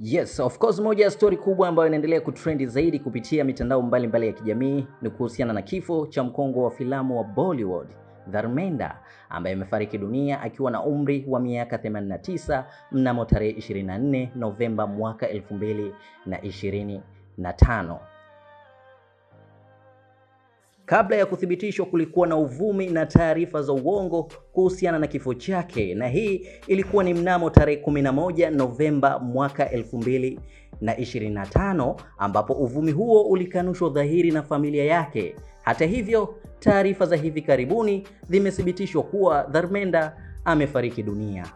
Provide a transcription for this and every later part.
Yes, of course moja ya stori kubwa ambayo inaendelea kutrendi zaidi kupitia mitandao mbalimbali mbali ya kijamii ni kuhusiana na kifo cha mkongwe wa filamu wa Bollywood Dharmendra ambaye amefariki dunia akiwa na umri wa miaka 89 mnamo tarehe 24 Novemba mwaka 2025. Kabla ya kuthibitishwa, kulikuwa na uvumi na taarifa za uongo kuhusiana na kifo chake, na hii ilikuwa ni mnamo tarehe 11 Novemba mwaka 25 ambapo uvumi huo ulikanushwa dhahiri na familia yake. Hata hivyo, taarifa za hivi karibuni zimethibitishwa kuwa Dharmenda amefariki dunia.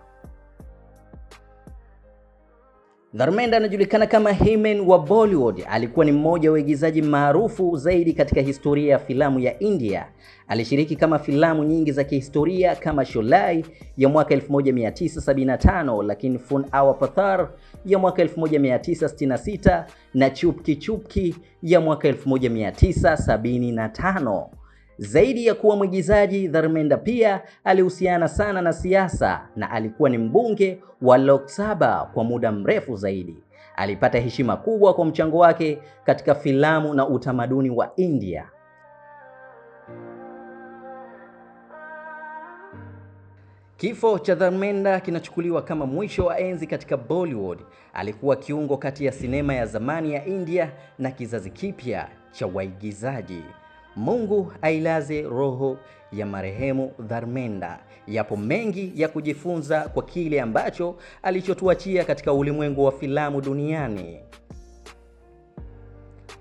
Dharmendra anajulikana kama hemen wa Bollywood. Alikuwa ni mmoja wa waigizaji maarufu zaidi katika historia ya filamu ya India. Alishiriki kama filamu nyingi za kihistoria kama Sholai ya mwaka 1975, lakini Fun Aur Pathar ya mwaka 1966 na Chupki Chupki ya mwaka 1975. Zaidi ya kuwa mwigizaji, Dharmenda pia alihusiana sana na siasa na alikuwa ni mbunge wa loksaba kwa muda mrefu zaidi. Alipata heshima kubwa kwa mchango wake katika filamu na utamaduni wa India. Kifo cha Dharmenda kinachukuliwa kama mwisho wa enzi katika Bollywood. Alikuwa kiungo kati ya sinema ya zamani ya India na kizazi kipya cha waigizaji. Mungu ailaze roho ya marehemu Dharmenda. Yapo mengi ya kujifunza kwa kile ambacho alichotuachia katika ulimwengu wa filamu duniani.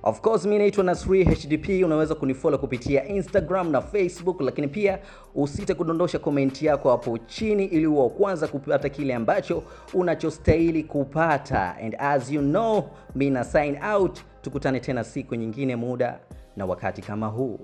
Of course mimi naitwa Nasri HDP, unaweza kunifollow kupitia Instagram na Facebook, lakini pia usite kudondosha komenti yako hapo chini ili uwe kwanza kupata kile ambacho unachostahili kupata. And as you know, mimi na sign out, tukutane tena siku nyingine muda na wakati kama huu.